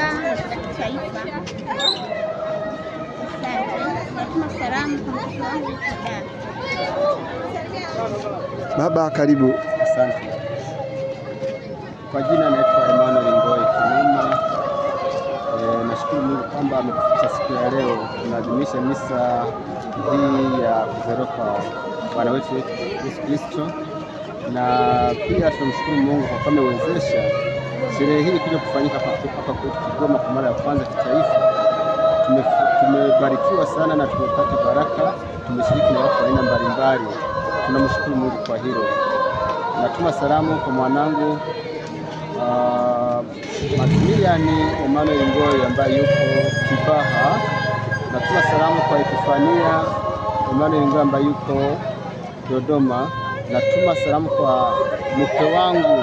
kitaifa. Natuma salamu kwa mtoto wangu Baba, karibu. Asante. Kwa jina naitwa Emmanuel Ngoi Kimuma. E, eh, nashukuru Mungu kwamba amekufikisha siku ya leo tunaadhimisha misa hii ya kuzaliwa Bwana wetu Yesu Kristo, na pia tunamshukuru Mungu kwa kuwezesha Sherehe hii kuja kufanyika hapa Kigoma kwa mara ya kwanza kitaifa, tumebarikiwa tume sana na tumepata baraka. Tumeshiriki na watu aina mbalimbali, tunamshukuru Mungu kwa hilo. Natuma salamu kwa mwanangu uh, Maximilian Emmanuel Ngoi ambaye yuko Kibaha. Natuma salamu kwa Ekifania Emmanuel Ngoi ambaye yuko Dodoma. Natuma salamu kwa mke wangu